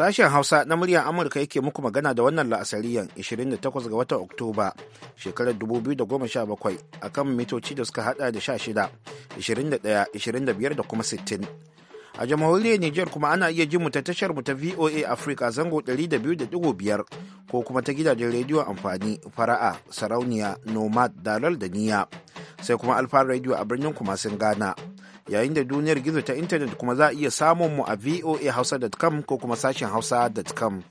Sashen Hausa na muryar Amurka yake muku magana da wannan la'asariyan 28 ga watan Oktoba shekarar 2017 akan mitoci da suka hada da 16, 21, 25 da kuma 60. a jamhuriyar niger kuma ana iya jin mu ta tashar mu ta VOA Africa zango 200.5 ko kuma ta gidajen rediyo amfani fara'a sarauniya nomad dalal da niya sai kuma alfa radio a birnin kuma sun gana yayin da duniyar gizo ta intanet kuma za a iya samun mu a voa hausa.com ko kuma sashen hausa.com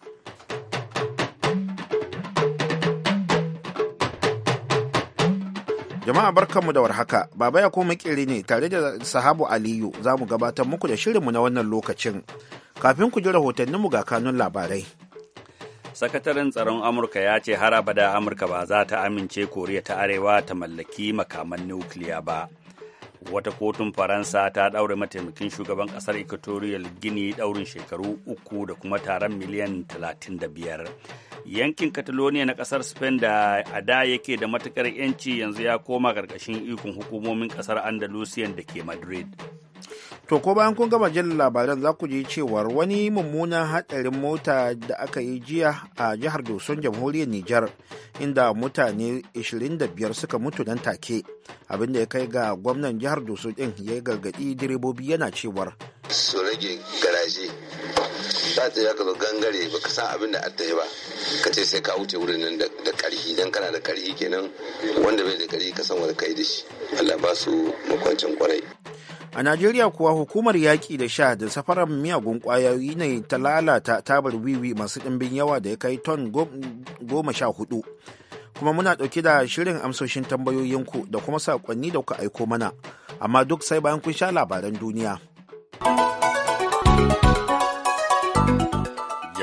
Jama'a barkanmu da warhaka, Baba ya koma kiri ne tare da sahabu Aliyu za mu gabatar muku da shirinmu na wannan lokacin. Kafin ku ji rahotanninmu ga kanun labarai. Sakataren tsaron Amurka ya ce haraba da Amurka ba za ta amince Koriya ta Arewa ta mallaki makaman nukiliya ba. wata kotun faransa ta ɗaure mataimakin shugaban ƙasar equatorial gini ɗaurin shekaru uku da kuma taron miliyan 35 yankin catalonia na ƙasar spain da a da yake da matukar yanci yanzu ya koma ƙarƙashin ikon hukumomin ƙasar andalusian da ke madrid To ko bayan kun gama jin labaran za ku ji cewar wani mummunan hatsarin mota da aka yi jiya a jihar Doson jamhuriyar Nijar inda mutane 25 suka mutu nan take abin da ya kai ga gwamnan jihar Doso din ya gargadi direbobi yana cewar su rage garaje ta ce ya ka gangare ba ka san abin da ta yi ba ka ce sai ka wuce wurin nan da karhi dan kana da karhi kenan wanda bai da karhi ka san wani kai da shi Allah ba su makwancin kwarai a najeriya kuwa hukumar yaƙi da sha da safarar miyagun ƙwayoyi ne ta lalata tabar wiwi masu ɗimbin yawa da ya kai ton goma sha hudu kuma muna ɗauke da shirin amsoshin tambayoyinku da kuma saƙonni da kuka aiko mana amma duk sai bayan kun sha labaran duniya.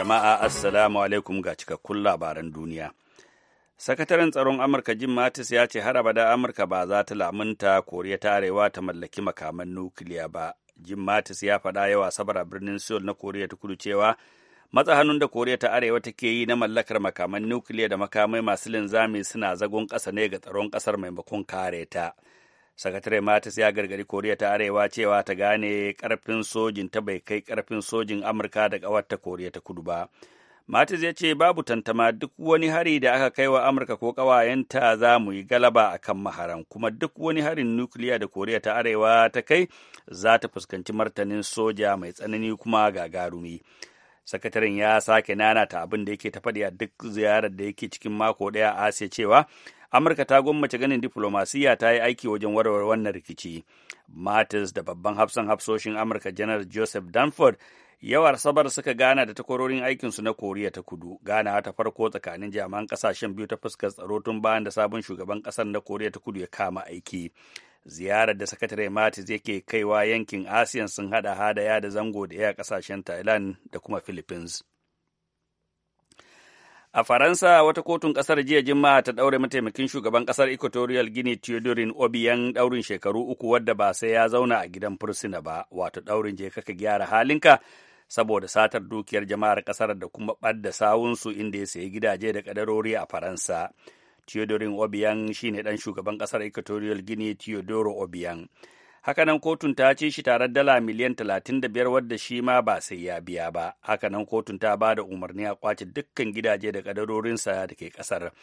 Jama'a Assalamu alaikum ga cikakkun labaran duniya. Sakataren tsaron Amurka Jim Mattis ya ce har abada Amurka ba za ta lamunta Koriya ta Arewa ta mallaki makaman nukiliya ba. Jim Mattis ya faɗa yawa sabara birnin Seoul na Koriya ta Kudu cewa matsa hannun da Koriya ta Arewa take yi na mallakar makaman nukiliya da makamai masu linzami suna zagon ƙasa ne ga tsaron ƙasar maimakon kare ta. sakatare matis ya gargadi koriya ta arewa cewa ta gane karfin sojin ta bai kai karfin sojin amurka da ta koriya ta kudu ba matis ya ce babu tantama duk wani hari da aka kai wa amurka ko kawayenta za mu yi galaba a kan maharan kuma duk wani harin nukiliya da koriya ta arewa ta kai za ta fuskanci martanin soja mai tsanani kuma gagarumi sakataren ya sake nanata abin da yake ta faɗi a duk ziyarar da yake cikin mako ɗaya a asiya cewa amurka ta gwammace ganin diflomasiyya ta yi aiki wajen warware wannan rikici mattis da babban hafsan hafsoshin amurka janar joseph danford yawar sabar suka gana da takwarorin aikinsu na koriya ta kudu gana ta farko tsakanin jami'an kasashen biyu ta fuskar tsaro tun bayan da sabon shugaban kasar na koriya ta kudu ya kama aiki ziyarar da sakatare matis yake kaiwa yankin asiyan sun hada hadaya da zango da ya kasashen thailand da kuma philippines A Faransa wata kotun ƙasar jiya Juma'a ta ɗaure mataimakin shugaban ƙasar Equatorial Guinea Theodorin Obiang ɗaurin shekaru uku wadda ba sai ya zauna a gidan fursuna ba, wato ɗaurin je kaka gyara halinka saboda satar dukiyar jama'ar ƙasar da kuma ɓadda sawunsu inda ya sayi gidaje da ƙadarori a Faransa. Theodorin Obiang shine ɗan shugaban ƙasar Equatorial Guinea Theodoro Obiang. hakanan kotun ta ce shi tarar dala miliyan 35 wadda shi ma ba sai ya biya ba hakanan kotun ta ba da umarni a kwace dukkan gidaje da kadarorinsa da ke kasar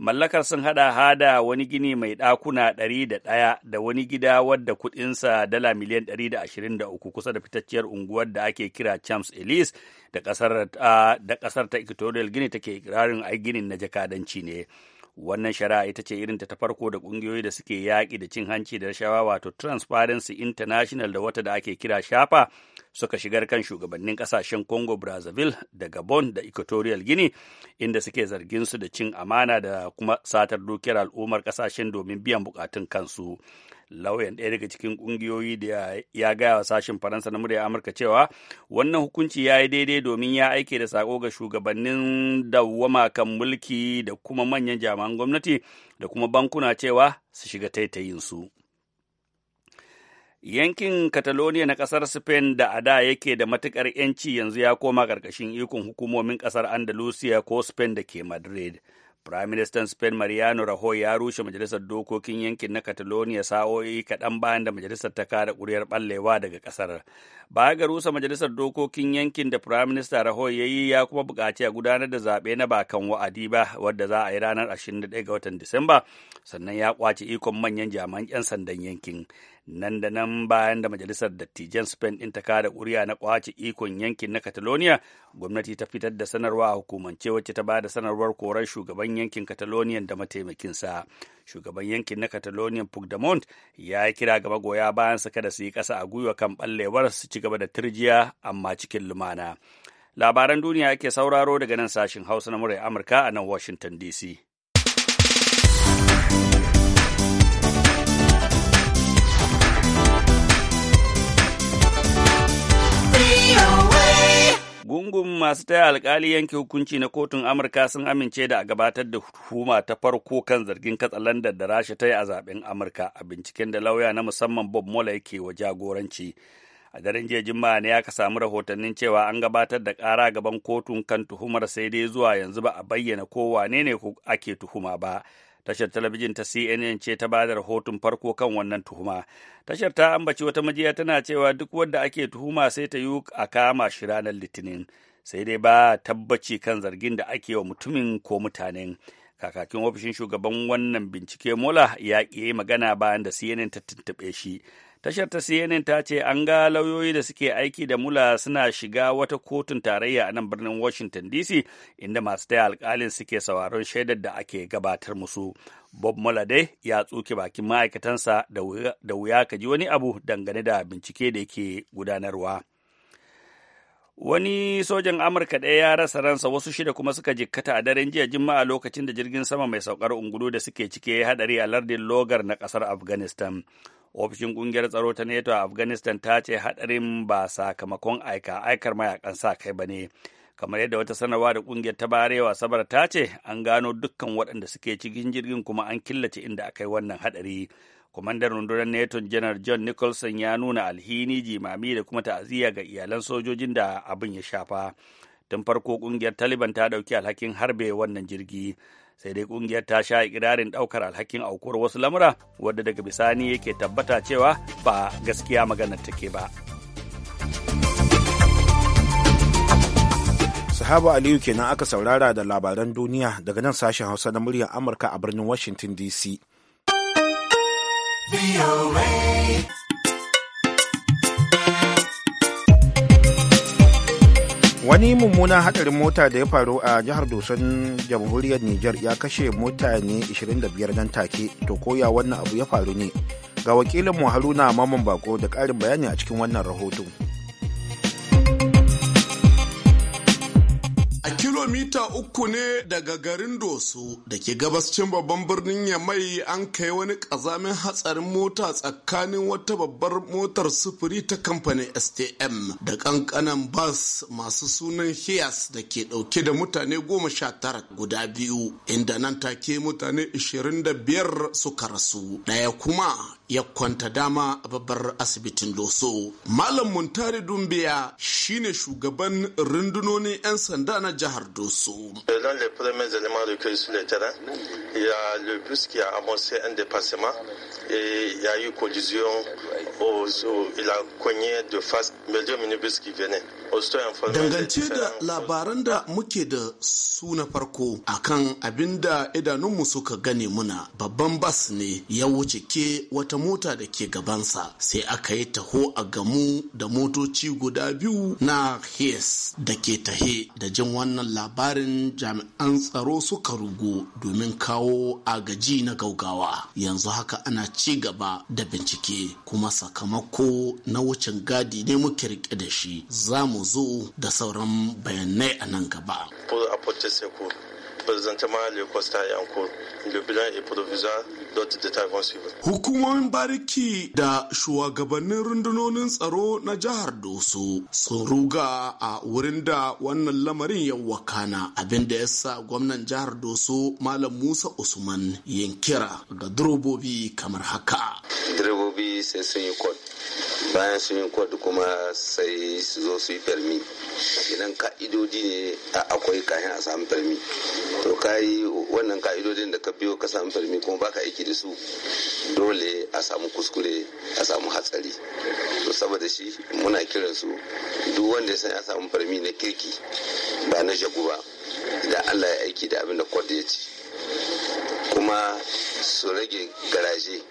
mallakar sun hada hada wani gini mai dakuna ɗari da da wani gida wadda kudinsa dala miliyan ɗari da da uku kusa da fitacciyar unguwar da ake kira champs elise da kasar ta equatorial gini take ikirarin ai ginin na jakadanci ne wannan shari'a ita ce irin ta farko da ƙungiyoyi da suke yaƙi da cin hanci da rashawa wato transparency international da wata da ake kira shafa suka shigar kan shugabannin ƙasashen congo brazzaville da gabon da equatorial guinea inda suke zargin su da cin amana da kuma satar dukiyar al'ummar ƙasashen domin biyan bukatun kansu lauyan ɗaya daga cikin ƙungiyoyi da ya gaya wa sashen faransa na murya amurka cewa wannan hukunci ya yi daidai domin ya aike da sako ga shugabannin dawwama kan mulki da kuma manyan jami'an gwamnati da kuma bankuna cewa su shiga taitayinsu yankin catalonia na ƙasar spain da a da yake da matuƙar 'yanci yanzu ya koma ƙarƙashin ikon hukumomin ƙasar andalusia ko spain da ke madrid Firaministan Spain Mariano Rajoy ya rushe majalisar dokokin yankin na Catalonia sa'o'i kaɗan bayan da majalisar ta kare ƙuri'ar ɓallewa daga ƙasar. Baya ga rusa majalisar dokokin yankin da Prime Minister Rahoy ya yi ya kuma buƙaci a gudanar da zaɓe na bakan wa'adi ba wadda za a yi ranar 21 ga watan Disamba sannan ya kwace ikon manyan jami'an 'yan sandan yankin. Nan da nan bayan da majalisar dattijan Spain ɗin ta kada ƙuri'a na kwace ikon yankin na Catalonia, gwamnati ta fitar da sanarwa a hukumance wacce ta bada sanarwar korar shugaban yankin Catalonia da mataimakinsa. Shugaban yankin na Catalonia Puigdemont ya yi kira ga magoya bayan su kada su yi kasa a gwiwa kan ɓallewar su ce. ci gaba da turjiya amma cikin lumana. Labaran duniya ake sauraro daga nan sashin Hausa na murai Amurka a nan Washington DC. gungun masu taya alkali yanke hukunci na kotun amurka sun amince da a gabatar da tuhuma ta farko kan zargin katsalandar da rasha ta yi a zaben amurka a binciken da lauya na musamman bob mola yake wa jagoranci a daren jiya juma'a ne aka samu rahotannin cewa an gabatar da kara gaban kotun kan tuhumar sai dai zuwa yanzu ba a bayyana ko wane ne ake tuhuma ba tashar talabijin ta cnn ce ta ba da rahoton farko kan wannan tuhuma tashar ta ambaci wata majiya tana cewa duk wanda ake tuhuma sai ta yi a kama shi ranar litinin sai dai ba tabbaci kan zargin da ake wa mutumin ko mutanen kakakin ofishin shugaban wannan bincike mola ya ƙi magana bayan da cnn ta tuntuɓe shi Tashar ta CNN ta ce an ga lauyoyi da suke aiki da mula suna shiga wata kotun tarayya a nan birnin Washington DC inda masu taya alkalin suke sauraron shaidar da ake gabatar musu. Bob Mueller dai ya tsuke bakin ma'aikatansa da wuya ka ji wani abu dangane da bincike da yake gudanarwa. Wani sojan Amurka ɗaya ya rasa ransa wasu shida kuma suka jikkata a daren jiya Juma'a lokacin da jirgin sama mai saukar ungulu da suke cike ya haɗari a lardin Logar na ƙasar Afghanistan. ofishin kungiyar tsaro ta neto a afghanistan ta ce hadarin ba sakamakon aika aikar mayakan sa kai ba ne kamar yadda wata sanarwa da kungiyar ta barewa sabar ta ce an gano dukkan waɗanda suke cikin jirgin kuma an killace inda aka yi wannan hadari kwamandan rundunar neto janar john nicholson ya nuna alhini jimami da kuma ta'aziyya ga iyalan sojojin da abin ya shafa tun farko kungiyar taliban ta ɗauki alhakin harbe wannan jirgi sai dai kungiyar ta sha ikirarin daukar alhakin aukuwar wasu lamura wadda daga bisani yake tabbata cewa ba gaskiya maganar take ba sahaba aliyu kenan aka saurara da labaran duniya daga nan sashen hausa na muryar amurka a birnin washington dc wani mummunan hadarin mota da ya faru a jihar doson jamhuriyar niger ya kashe mutane 25 nan take to koya wannan abu ya faru ne ga wakilin mu haruna maman bako da karin bayani a cikin wannan rahoton kilomita uku ne daga garin Doso da ke gabascin babban birnin Yamai an kai wani kazamin hatsarin mota tsakanin wata babbar motar sufuri ta kamfanin STM da ƙanƙanan bas masu sunan Hiyas da ke dauke da mutane goma sha tara guda biyu inda nan take mutane 25 biyar suka rasu daya kuma ya kwanta dama a babbar asibitin Doso. Malam Muntari Dumbiya shine shugaban rundunonin 'yan sanda na jihar da euh, su. le bus qui a amorcé un dépassement et il y a eu collision. Aux, il a cogné de face minibus qui venait. Dangance da labaran da muke da su na farko a abin da idanunmu suka gane muna babban bas ne ya wuce ke wata mota da ke gabansa sai aka yi taho a gamu da motoci guda biyu na Hies da ke tahe da jin wannan labarin jami'an tsaro suka rugu domin kawo agaji na gaugawa yanzu haka ana ci gaba da bincike kuma sakamako na wucin gadi ne muke rike da shi za mu zo da sauran bayanai a nan gaba présentement le constat est en cours. Le bilan est provisoire, d'autres détails vont suivre. Hukumomin bariki da shugabannin rundunonin tsaro na jihar Doso sun ruga a wurin da wannan lamarin ya wakana abinda ya sa gwamnan jihar Doso Malam Musa Usman yin kira ga direbobi kamar haka. Durobobi sai sun yi kot bayan sun yi kwadu kuma sai su zo su yi fermi idan ka'idodi ne akwai kayan a samu fermi to ka yi wannan ka'idodin da ka biyo ka samu fermi kuma baka aiki da su dole a samu kuskure a samu hatsari to saboda shi muna kiran su duk wanda ya san ya samu fermi na kirki ba na jagu ba idan allah ya aiki da abin da kwadu ya ci kuma su rage garaje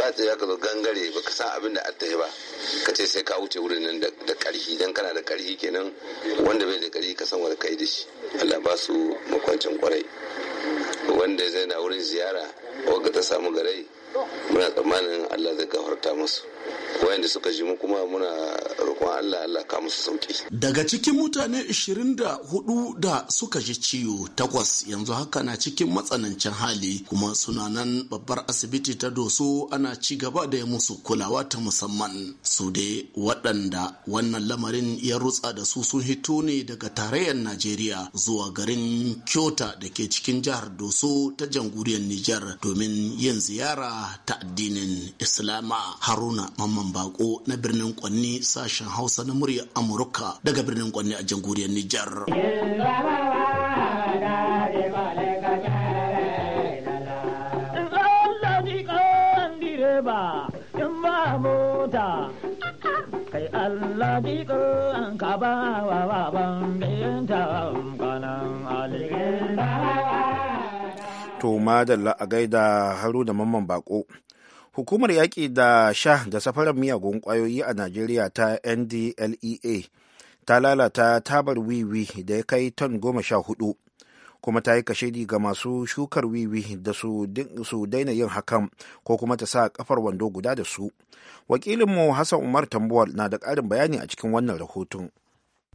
ta ce ka zo gangare ba ka san abin da yi ba ka ce sai ka wuce wurin nan da karhi dan kana da karhi kenan wanda bai da karhi ka san wani kai da shi Allah ba su makwancin kwarai wanda zai na wurin ziyara ka ta samu garai muna tsammanin Allah zai gafarta musu wayanda suka ji mu kuma muna roƙon Allah Allah ka musu sauki. Daga cikin mutane 24 da suka ji ciwo takwas yanzu haka na cikin matsanancin hali kuma suna nan babbar asibiti ta doso ana ci gaba da musu kulawa ta musamman. Su dai waɗanda wannan lamarin ya rutsa da su sun hito ne daga tarayyar Najeriya zuwa garin Kyoto da ke cikin jihar Doso ta jamhuriyar Nijar domin yin ziyara ta addinin Islama Haruna Mamman Bako na birnin Kwanni sashen Hausa na murya Amurka daga birnin Kwanni a jamhuriyar Nijar. To madalla a gaida haru da mamman bako. hukumar yaƙi da sha da safarar miyagun ƙwayoyi a najeriya ta ndlea ta lalata tabar wiwi da ya kai ton goma sha hudu kuma ta yi kashedi ga masu shukar wiwi da su daina yin hakan ko kuma ta sa kafar wando guda da su wakilinmu hassan umar tambuwal na da ƙarin bayani a cikin wannan rahoton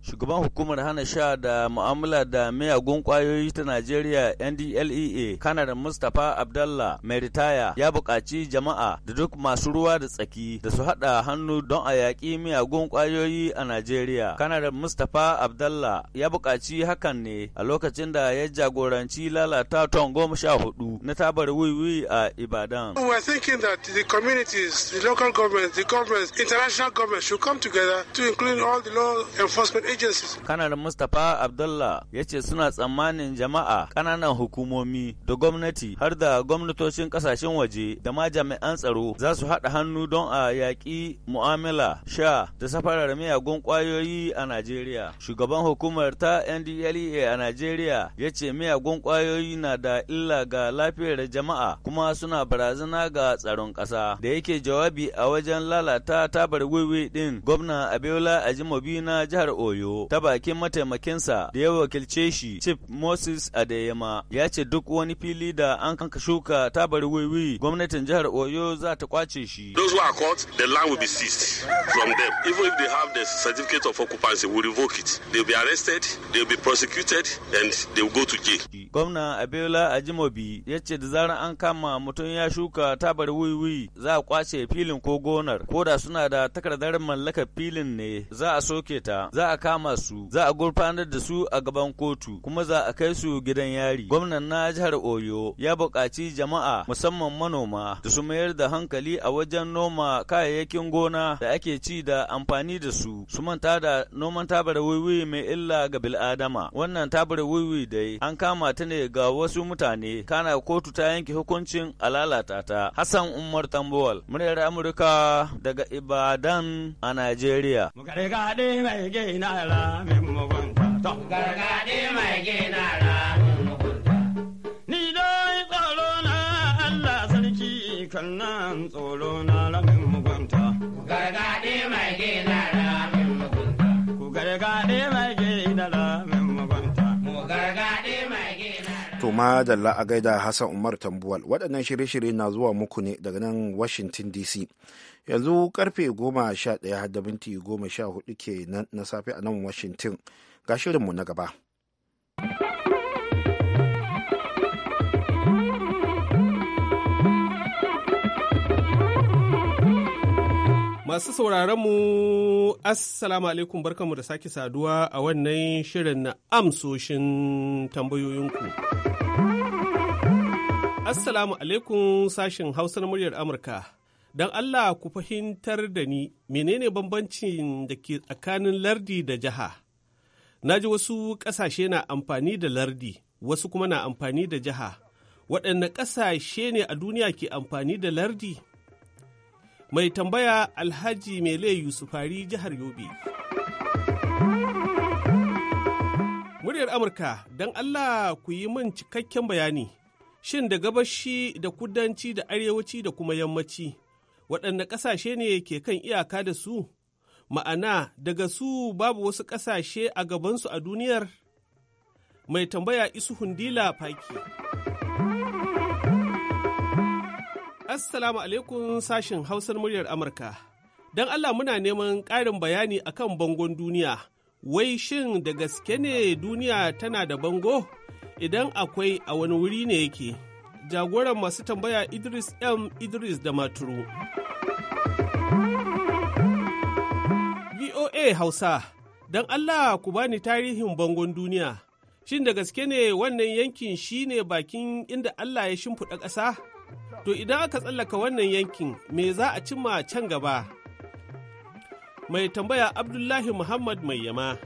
shugaban hukumar hana sha da mu'amala da miyagun kwayoyi ta najeriya ndlea kanada mustapha abdallah mai ritaya ya buƙaci jama'a da duk masu ruwa da tsaki da su haɗa hannu don a yaƙi miyagun kwayoyi a najeriya kanada mustapha abdallah ya buƙaci hakan ne a lokacin da ya jagoranci lalata ton goma sha hudu na tabar wiwi a ibadan we thinking that the communities the local governments the governments international governments should come together to include all the law enforcement agencies. Kanar Mustapha Abdullah ya ce suna tsammanin jama'a ƙananan hukumomi da gwamnati har da gwamnatocin ƙasashen waje da ma jami'an tsaro za su haɗa hannu don a yaƙi mu'amala sha da safarar miyagun ƙwayoyi a Najeriya. Shugaban hukumar ta NDLEA a Najeriya ya ce miyagun ƙwayoyi na da illa ga lafiyar jama'a kuma suna barazana ga tsaron ƙasa da yake jawabi a wajen lalata tabar wiwi ɗin gwamna Abiola Ajimobi na jihar Oyo. Oyo ta bakin mataimakinsa da ya wakilce shi Chief Moses Adeyema ya ce duk wani fili da an kanka shuka ta bari wiwi gwamnatin jihar Oyo za ta kwace shi. Those who are caught, the land will be seized from them. Even if they have the certificate of occupancy, we revoke it. They will be arrested, they will be prosecuted, and they will go to jail. Gwamna Abiola Ajimobi ya ce da zarar an kama mutum ya shuka tabar wiwi za a kwace filin ko gonar, ko da suna da takardar mallakar filin ne za a soke ta, za a kama kama su za a gurfanar da su a gaban kotu kuma za a kai su gidan yari gwamnan na jihar oyo ya buƙaci jama'a musamman manoma da su mayar da hankali a wajen noma kayayyakin gona da ake ci da amfani da su su manta da noman tabar wiwi mai illa ga bil'adama wannan tabar wiwi dai an kama ta ne ga wasu mutane kana kotu ta yanke hukuncin a lalata ta hassan umar tambowal muryar amurka daga ibadan a najeriya mai gyara min mugunta. To, gargaɗi mai gina mugunta. Ni dai tsoro na Allah sarki kan nan tsoro na lamin mugunta. Gargaɗi mai gina ramin mugunta. Ku gargaɗi madalla a gaida Hassan Umar Tambuwal. Waɗannan shirye-shirye na zuwa muku ne daga nan Washington DC. Yanzu karfe goma sha ɗaya da minti goma sha hudu ke na safe a nan Washington. Ga shirinmu na gaba. Masu sauraronmu, Assalamu alaikum barkanmu da sake saduwa a wannan shirin na amsoshin tambayoyinku. Assalamu alaikum sashen Hausa na muryar Amurka. Don Allah ku fahimtar da ni menene bambancin da ke tsakanin lardi da jiha. Na ji wasu ƙasashe na amfani da lardi, wasu kuma na amfani da jiha. Waɗanne ƙasashe ne a duniya ke amfani da lardi? Mai tambaya Alhaji Mele Yusufari jihar Yobe. Muryar Amurka, don Allah ku yi min cikakken bayani. Shin da gabashi da kudanci da arewaci da kuma yammaci, waɗanne ƙasashe ne ke kan iyaka da su? Ma'ana, daga su babu wasu ƙasashe a gabansu a duniyar? Mai tambaya isu hundila faki. Assalamu alaikum sashin Hausar muryar Amurka. Don Allah muna neman ƙarin bayani akan bangon duniya. Wai shin da gaske ne duniya tana da bango? idan akwai a wani wuri ne yake. Jagoran masu tambaya Idris M. Idris da Maturu. VOA Hausa, don Allah ku bani tarihin bangon duniya. Shin da gaske ne wannan yankin shine bakin inda Allah ya shimfiɗa ƙasa? To idan aka tsallaka wannan yankin me za a cimma can gaba? Mai tambaya Abdullahi Muhammad Mai Yama.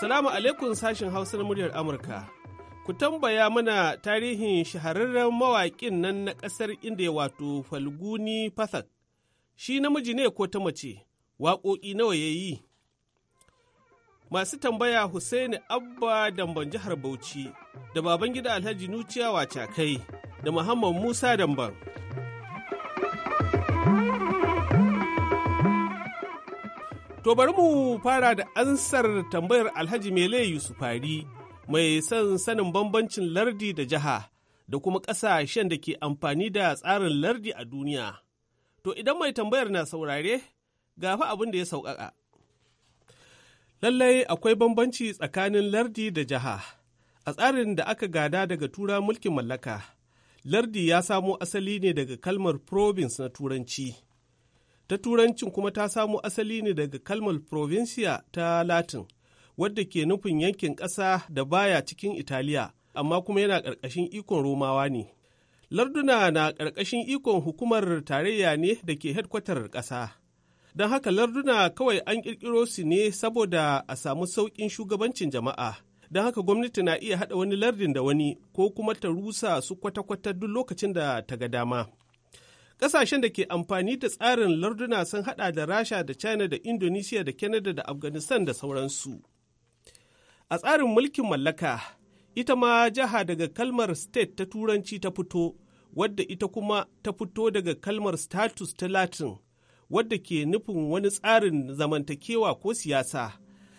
Salamu alaikum sashin Hausa na muryar Amurka. Ku tambaya mana tarihin shahararren mawaƙin nan na ƙasar Indiya wato Falguni Pathak. Shi namiji ne ko ta mace, waƙoƙi nawa ya yi. Masu tambaya Hussaini Abba Damban jihar Bauchi da Babangida Alhaji Nuciya Wacakai da Muhammad Musa Damban. To bari mu fara da ansar tambayar Alhaji Mele Yusufari mai son sanin bambancin lardi da jiha da kuma ƙasashen da ke amfani da tsarin lardi a duniya. To idan mai tambayar na saurare, gafi abin da ya sauƙaƙa. Lallai akwai bambanci tsakanin lardi da jiha. A tsarin da aka gada daga tura mulkin mallaka, lardi ya samo asali ne daga kalmar province na turanci. ta turancin kuma ta samo asali ne daga kalmar provincia ta latin wadda ke nufin yankin ƙasa da baya cikin italiya amma kuma yana ƙarƙashin ikon romawa ne larduna na ƙarƙashin ikon hukumar tarayya ne da ke hedkwatar ƙasa don haka larduna kawai an ƙirƙiro su ne saboda a samu sauƙin shugabancin jama'a don haka gwamnati na iya haɗa wani lardin da wani ko kuma ta rusa su kwata-kwata duk lokacin da ta ga dama Ƙasashen da ke amfani da tsarin larduna sun hada da Rasha da China da Indonesia da Canada da Afghanistan da sauransu. A tsarin mulkin mallaka, ita ma jiha daga kalmar state ta turanci ta fito, wadda ita kuma ta fito daga kalmar status ta Latin, wadda ke nufin wani tsarin zamantakewa ko siyasa.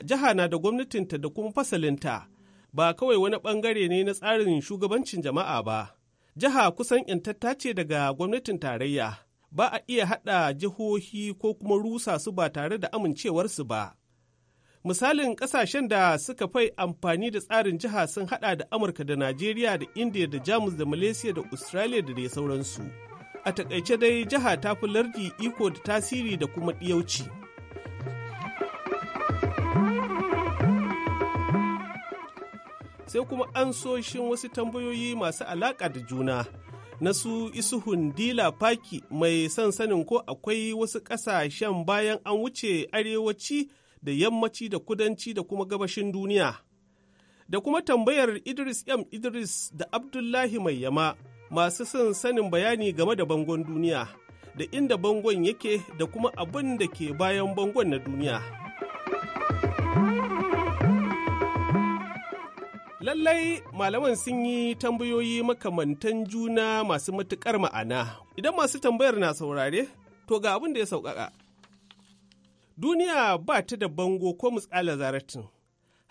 Jiha na da gwamnatinta da kuma fasalinta, ba kawai wani bangare ne na tsarin shugabancin jama'a ba. Jiha kusan ‘yantatta ce daga gwamnatin tarayya, ba a iya haɗa jihohi ko kuma rusa su ba tare da amincewarsu ba. Misalin ƙasashen da suka fai amfani da tsarin jiha sun haɗa da Amurka da Najeriya da Indiya da Jamus da Malaysia da Australia da dai sauransu. A takaice dai jiha ta fi lardi iko da tasiri da kuma ɗiyauci. sai kuma ansoshin wasu tambayoyi masu alaƙa da juna na su isuhun dila paki mai son sanin ko akwai wasu ƙasashen bayan an wuce arewaci da yammaci da kudanci da kuma gabashin duniya da kuma tambayar idris m idris da abdullahi mai yama masu son sanin bayani game da bangon duniya da inda bangon yake da kuma abin da ke bayan bangon na duniya. lallai malaman sun yi tambayoyi makamantan juna masu matukar ma'ana. Idan masu tambayar na saurare, to ga abin da ya sauƙaƙa. Duniya ba ta da bango ko mutsala zaratin.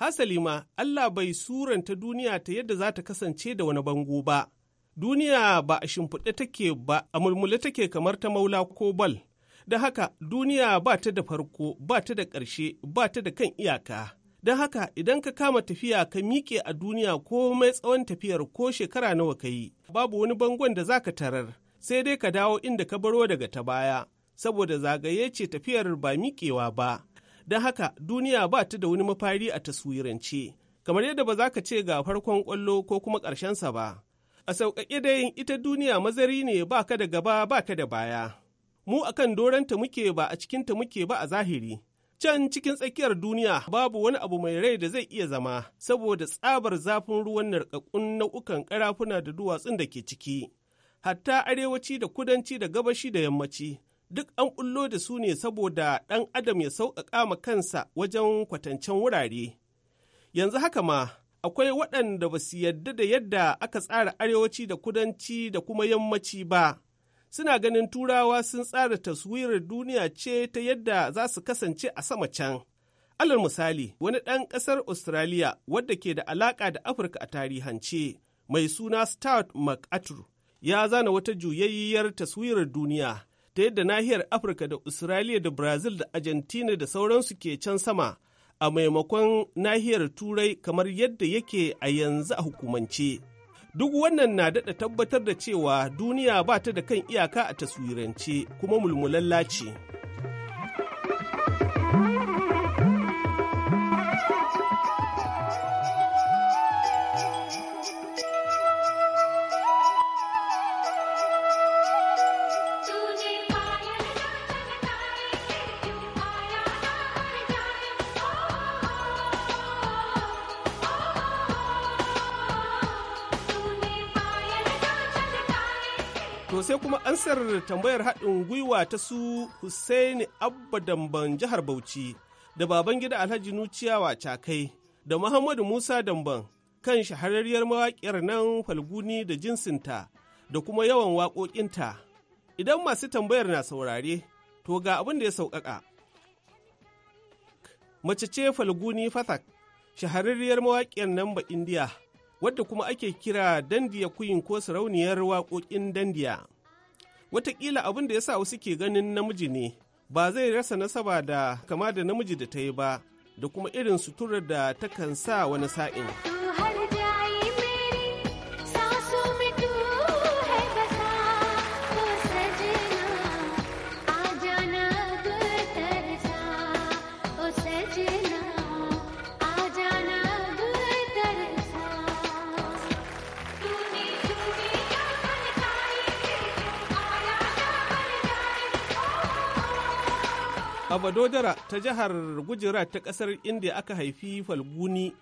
Hasali ma, Allah bai suranta duniya ta yadda za ta kasance da wani bango ba. Duniya ba a shimfiɗe take ba, a mulmula take kamar ta maula ko bal. Da haka, duniya ba ta da farko, ba ta da ƙarshe, ba ta da kan iyaka. Don haka idan ka kama tafiya ka miƙe a duniya ko mai tsawon tafiyar ko shekara nawa ka yi, babu wani bangon da za ka tarar, sai dai ka dawo inda ka baro daga ta baya, saboda zagaye ce tafiyar ba miƙewa ba. Don haka duniya ba ta da wani mafari a taswirance, kamar yadda ba za ka ce ga farkon kwallo ko kuma ƙarshensa ba. A sauƙaƙe yin ita duniya mazari ne ba ka da gaba ba ka da baya. Mu akan doranta muke ba a cikinta muke ba a zahiri. Can cikin tsakiyar duniya babu wani abu mai rai da zai iya zama saboda tsabar zafin ruwan narkakkun nau'ukan karafuna da duwatsun da ke ciki. Hatta arewaci da kudanci da gabashi da yammaci duk an kullo da su ne saboda ɗan adam ya sauƙaƙa ma kansa wajen kwatancen wurare. Yanzu haka ma akwai waɗanda ba su yarda da yadda aka tsara arewaci da kudanci da kuma yammaci ba. suna ganin turawa sun tsara taswirar duniya ce ta yadda za su kasance a sama can. Alal misali, wani ɗan ƙasar Australia wadda ke da alaƙa da Afirka a tarihance, mai suna Stuart MacArthur, ya zana wata juyayyiyar taswirar duniya ta yadda nahiyar Afirka da Australia da Brazil da Argentina da sauransu ke can sama a maimakon nahiyar Turai kamar yadda yake a yanzu a hukumance. Duk wannan na daɗa tabbatar da cewa duniya ba ta da kan iyaka a taswirance kuma mulmulalla ce. sai kuma ansar tambayar haɗin gwiwa ta su Hussaini Abba Damban jihar Bauchi da baban gida Alhaji Nuciyawa Cakai da Muhammadu Musa Damban kan shahararriyar mawaƙiyar nan falguni da jinsinta da kuma yawan waƙoƙinta. Idan masu tambayar na saurare, to ga abin da ya sauƙaƙa. Mace ce falguni fatak, shahararriyar mawaƙiyar nan ba Indiya, wadda kuma ake kira dandiya kuyin ko sarauniyar waƙoƙin dandiya. Wataƙila abin da ya sa wasu ke ganin namiji ne, ba zai rasa nasaba da kama da namiji da ta yi ba, da kuma irin suturar da takan sa wani sa'in. A Badodara ta jihar Gujarat ta kasar India aka haifi Falguni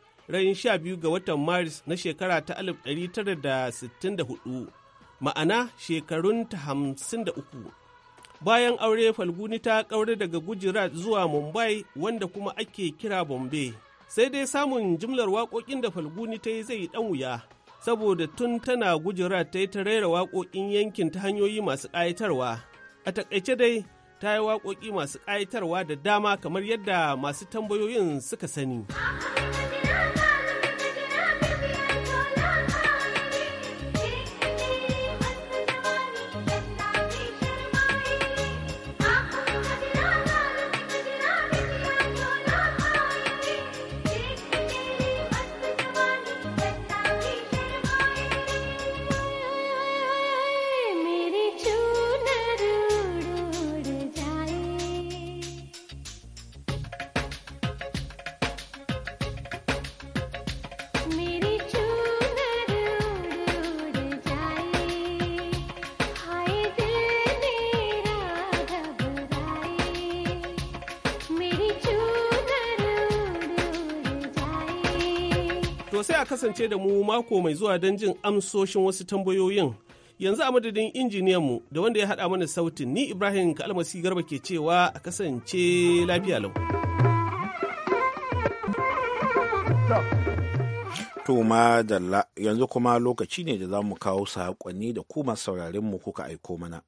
sha 12 ga watan Maris na shekara ta 1964, ma'ana shekarun ta 53. Bayan aure Falguni ta kaure daga Gujarat zuwa Mumbai wanda kuma ake kira Bombay. Sai dai samun jimlar waƙoƙin da Falguni ta yi zai ɗan wuya, saboda tun tana Gujarat ta yi ta raira waƙoƙin yankin ta hanyoyi masu ƙayatarwa. A takaice dai ta yi waƙoƙi masu ƙayatarwa da dama kamar yadda masu tambayoyin suka sani. To sai a kasance da mu mako mai zuwa don jin amsoshin wasu tambayoyin. Yanzu a madadin injiniyanmu da wanda ya haɗa mana sautin ni Ibrahim ka Kalmasi Garba ke cewa a kasance lafiya lau. Tuma madalla yanzu kuma lokaci ne da za mu kawo saƙonni da kuma sauraren mu kuka aiko mana.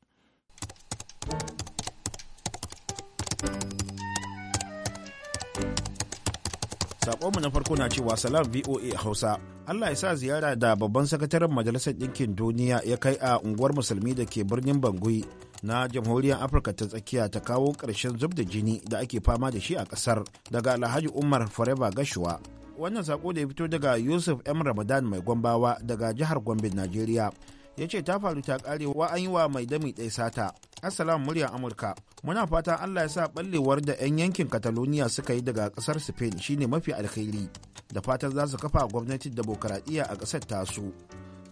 Sakonmu na farko na cewa salam VOA Hausa. Allah ya sa ziyara da babban sakataren Majalisar Ɗinkin Duniya ya kai a unguwar musulmi da ke birnin Bangui na Jamhuriyar Afirka ta tsakiya ta kawo ƙarshen zub da jini da ake fama da shi a ƙasar daga Alhaji Umar Forever Gashuwa. Wannan sako da ya fito daga Yusuf M. Ramadan mai gwambawa daga jihar Gombe, Najeriya. Ya ce ta faru ta ƙarewa an yi wa mai dami ɗaya sata. Assalamu murya Amurka. Muna fata Allah ya sa ballewar da 'yan yankin Catalonia suka yi daga kasar Spain shine mafi alkhairi da fatan za su kafa gwamnatin demokaradiyya a kasar tasu.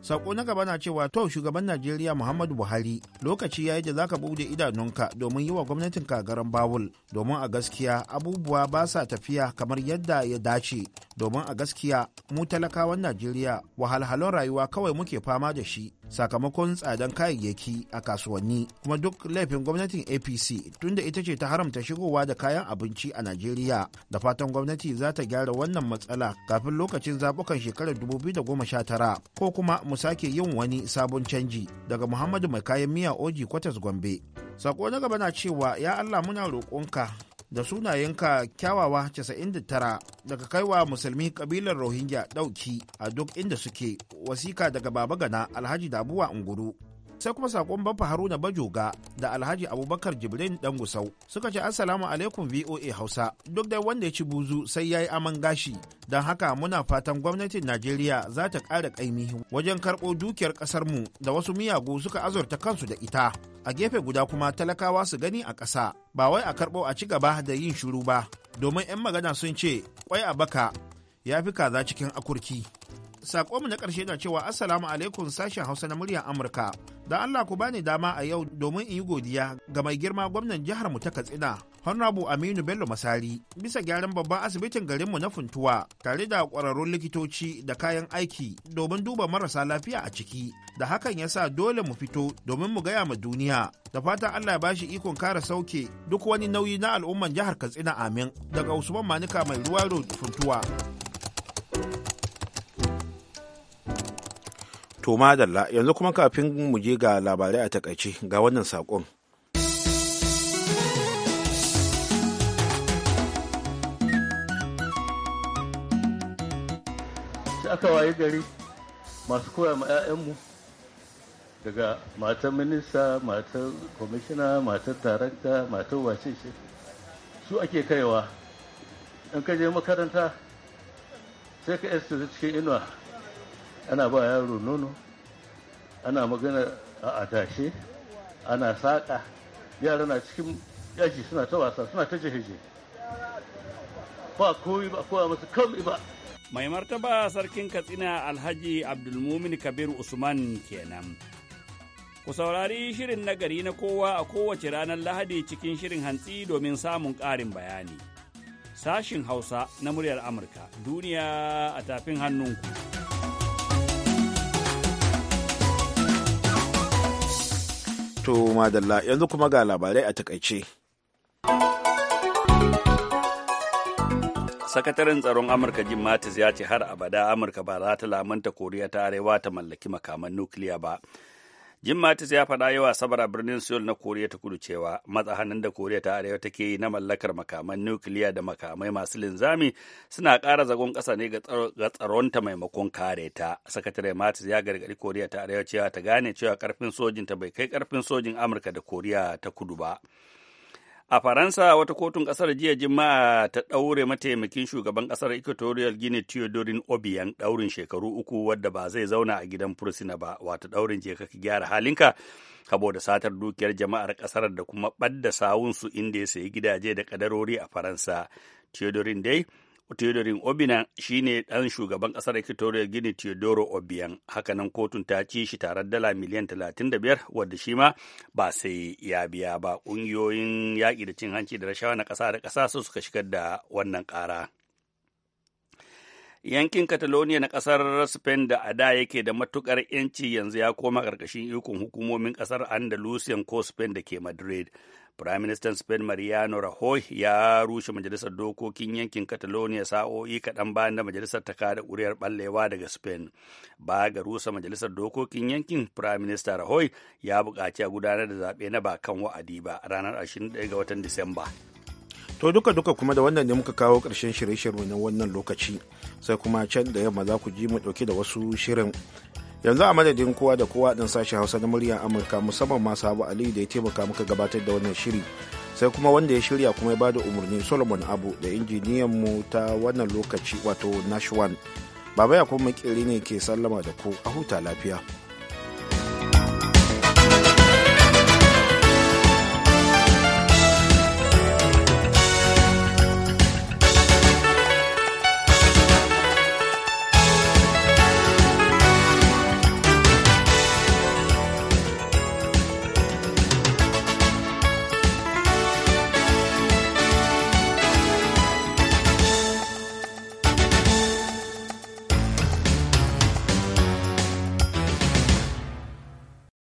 Sako na gaba na cewa to shugaban Najeriya Muhammadu Buhari lokaci yayi da zaka bude idanunka domin yi wa gwamnatin kagaran bawul domin a gaskiya abubuwa ba sa tafiya kamar yadda ya dace domin a gaskiya mu talakawan Najeriya wahalhalun rayuwa kawai muke fama da shi sakamakon tsadan kayayyaki a kasuwanni kuma duk laifin gwamnatin apc tunda ita ce ta haramta shigowa da kayan abinci a najeriya da fatan gwamnati za ta gyara wannan matsala kafin lokacin zabukan shekarar 2019 ko kuma mu sake yin wani sabon canji daga muhammadu mai kayan miya oji kwatas gombe sako na gaba na cewa ya allah muna roƙonka da sunayenka kyawawa 99 daga kaiwa musulmi kabilar rohingya dauki a duk inda suke wasika daga baba gana alhaji dabuwa unguru sai kuma sakon bafa haruna bajoga da alhaji abubakar jibrin dan gusau suka ce assalamu alaikum voa hausa duk dai wanda ya ci buzu sai ya yi aman gashi don haka muna fatan gwamnatin najeriya za ta ƙara ƙaimi wajen karɓo dukiyar ƙasar mu da wasu miyagu suka azurta kansu da ita a gefe guda kuma talakawa su gani a ƙasa ba wai a karɓo a ci gaba da yin shiru ba domin 'yan magana sun ce kwai a baka ya fi kaza cikin akurki. mu na ƙarshe na cewa Assalamu alaikum sashen Hausa na muryar Amurka. Da Allah ku bani dama a yau domin in yi godiya ga mai girma gwamnan jihar mu ta Katsina, Honorable Aminu Bello Masari, bisa gyaran babban asibitin garinmu na Funtuwa, tare da kwararrun likitoci da kayan aiki domin duba marasa lafiya a ciki. Da hakan ya sa dole mu fito domin mu gaya ma duniya. Da fatan Allah ya bashi ikon kara sauke duk wani nauyi na al'umman jihar Katsina amin. Daga Usman Manika mai ruwa Road Funtuwa. To madalla yanzu kuma kafin mu je ga labarai a takaice ga wannan saƙon. Shi aka waye gari masu koya ma 'ya'yanmu daga matan minista matan kwamishina matan taranta, matan wace shi su ake kaiwa in ka je makaranta sai ka su cikin inuwa ana ba yaro nono ana magana a adashe ana saƙa yara na cikin yaji suna ta wasa suna ta jihe ba koyi ba kowa masu kalli ba mai martaba sarkin katsina alhaji abdulmumin kabir usman kenan ku saurari shirin nagari na kowa a kowace ranar lahadi cikin shirin hantsi domin samun ƙarin bayani sashin hausa na muryar amurka duniya a tafin hannunku. To madalla yanzu kuma ga labarai a takaice. Sakataren tsaron Amurka Jim Mattis ya ce har abada Amurka ba za ta lamanta Koriya ta Arewa ta mallaki makaman nukiliya ba. Jim Mattis ya faɗa yawa sabara birnin Seoul na Koriya ta Kudu cewa matsa hannun da Koriya ta Arewa take yi na mallakar makaman nukiliya da makamai masu linzami suna ƙara zagon ƙasa ne ga tsaronta maimakon kare ta. Sakatare Mattis ya gargaɗi Koriya ta Arewa cewa ta gane cewa ƙarfin sojin ta bai kai ƙarfin sojin Amurka da Koriya ta Kudu ba. A Faransa wata kotun ƙasar jiya Juma'a ta ɗaure mataimakin shugaban ƙasar Equatorial Guinea Theodorin Obiang ɗaurin shekaru uku wadda ba zai zauna a gidan fursuna ba, Wata ɗaurin je ka gyara halinka. saboda satar dukiyar jama'ar ƙasar da kuma ɓadda sawunsu inda ya sayi gidaje da kadarori a Faransa. Theodorin dai Teodorin obina shine ɗan shugaban ƙasar Equatorial Guinea Teodoro Obiang. Hakanan kotun ta ci shi tare dala miliyan 35 wadda shi ma ba sai ya biya ba. Ƙungiyoyin yaƙi da cin hanci da rashawa na ƙasa da ƙasa su suka shigar da wannan ƙara. yankin catalonia na ƙasar spain da a da yake da matuƙar yanci yanzu ya koma ƙarƙashin ikon hukumomin ƙasar andalusian ko spain da ke madrid Firaministan Spain Mariano Rajoy ya rushe majalisar dokokin yankin Catalonia sa'o'i kaɗan bayan da majalisar ta kada ƙuri'ar ɓallewa daga Spain. Ba ga rusa majalisar dokokin yankin Firaminista Rajoy ya buƙaci a gudanar da zaɓe na ba kan wa'adi ba ranar 21 ga watan Disamba. To duka-duka kuma da wannan ne muka kawo ƙarshen shirye-shirye na wannan lokaci sai kuma can da yamma za ku ji mu ɗauke da wasu shirin yanzu a madadin kowa da kowa ɗin sashen hausa na muryar amurka musamman masu abu aliyu da ya taimaka muka gabatar da wannan shiri sai kuma wanda ya shirya kuma ya ba da umarni solomon abu da injiniyan mu ta wannan lokaci wato nashwan baba ya kuma makiri ne ke sallama da ku a huta lafiya